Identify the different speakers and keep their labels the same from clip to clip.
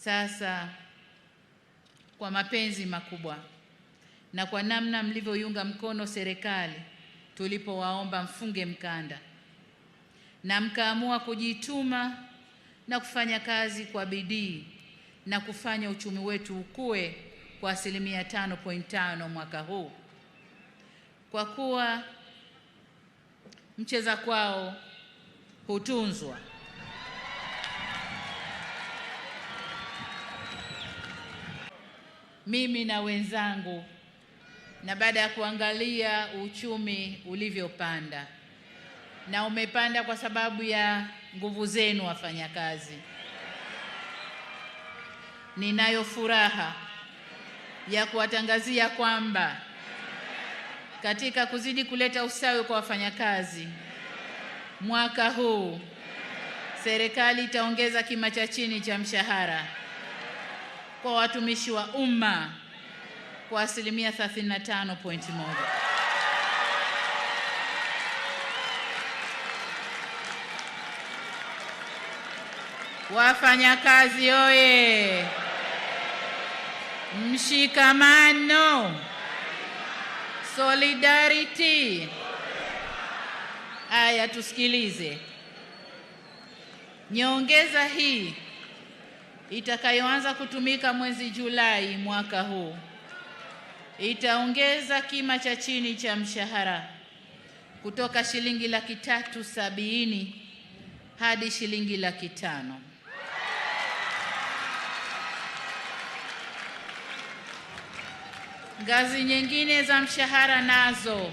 Speaker 1: Sasa kwa mapenzi makubwa na kwa namna mlivyoiunga mkono serikali tulipowaomba mfunge mkanda na mkaamua kujituma na kufanya kazi kwa bidii na kufanya uchumi wetu ukue kwa asilimia 5.5 mwaka huu, kwa kuwa mcheza kwao hutunzwa. mimi na wenzangu, na baada ya kuangalia uchumi ulivyopanda, na umepanda kwa sababu ya nguvu zenu wafanyakazi, ninayo furaha ya kuwatangazia kwamba katika kuzidi kuleta ustawi kwa wafanyakazi, mwaka huu serikali itaongeza kima cha chini cha mshahara kwa watumishi wa umma kwa asilimia 35.1. Wafanyakazi oye! Mshikamano, solidarity. Aya, tusikilize nyongeza hii itakayoanza kutumika mwezi Julai mwaka huu itaongeza kima cha chini cha mshahara kutoka shilingi laki tatu sabini hadi shilingi laki tano. Ngazi nyingine za mshahara nazo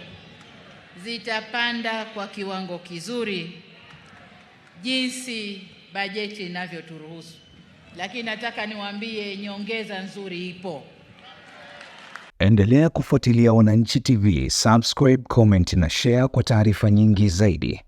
Speaker 1: zitapanda kwa kiwango kizuri jinsi bajeti inavyoturuhusu lakini nataka niwaambie nyongeza nzuri ipo. Endelea kufuatilia Wananchi TV, subscribe, comment na share kwa taarifa nyingi zaidi.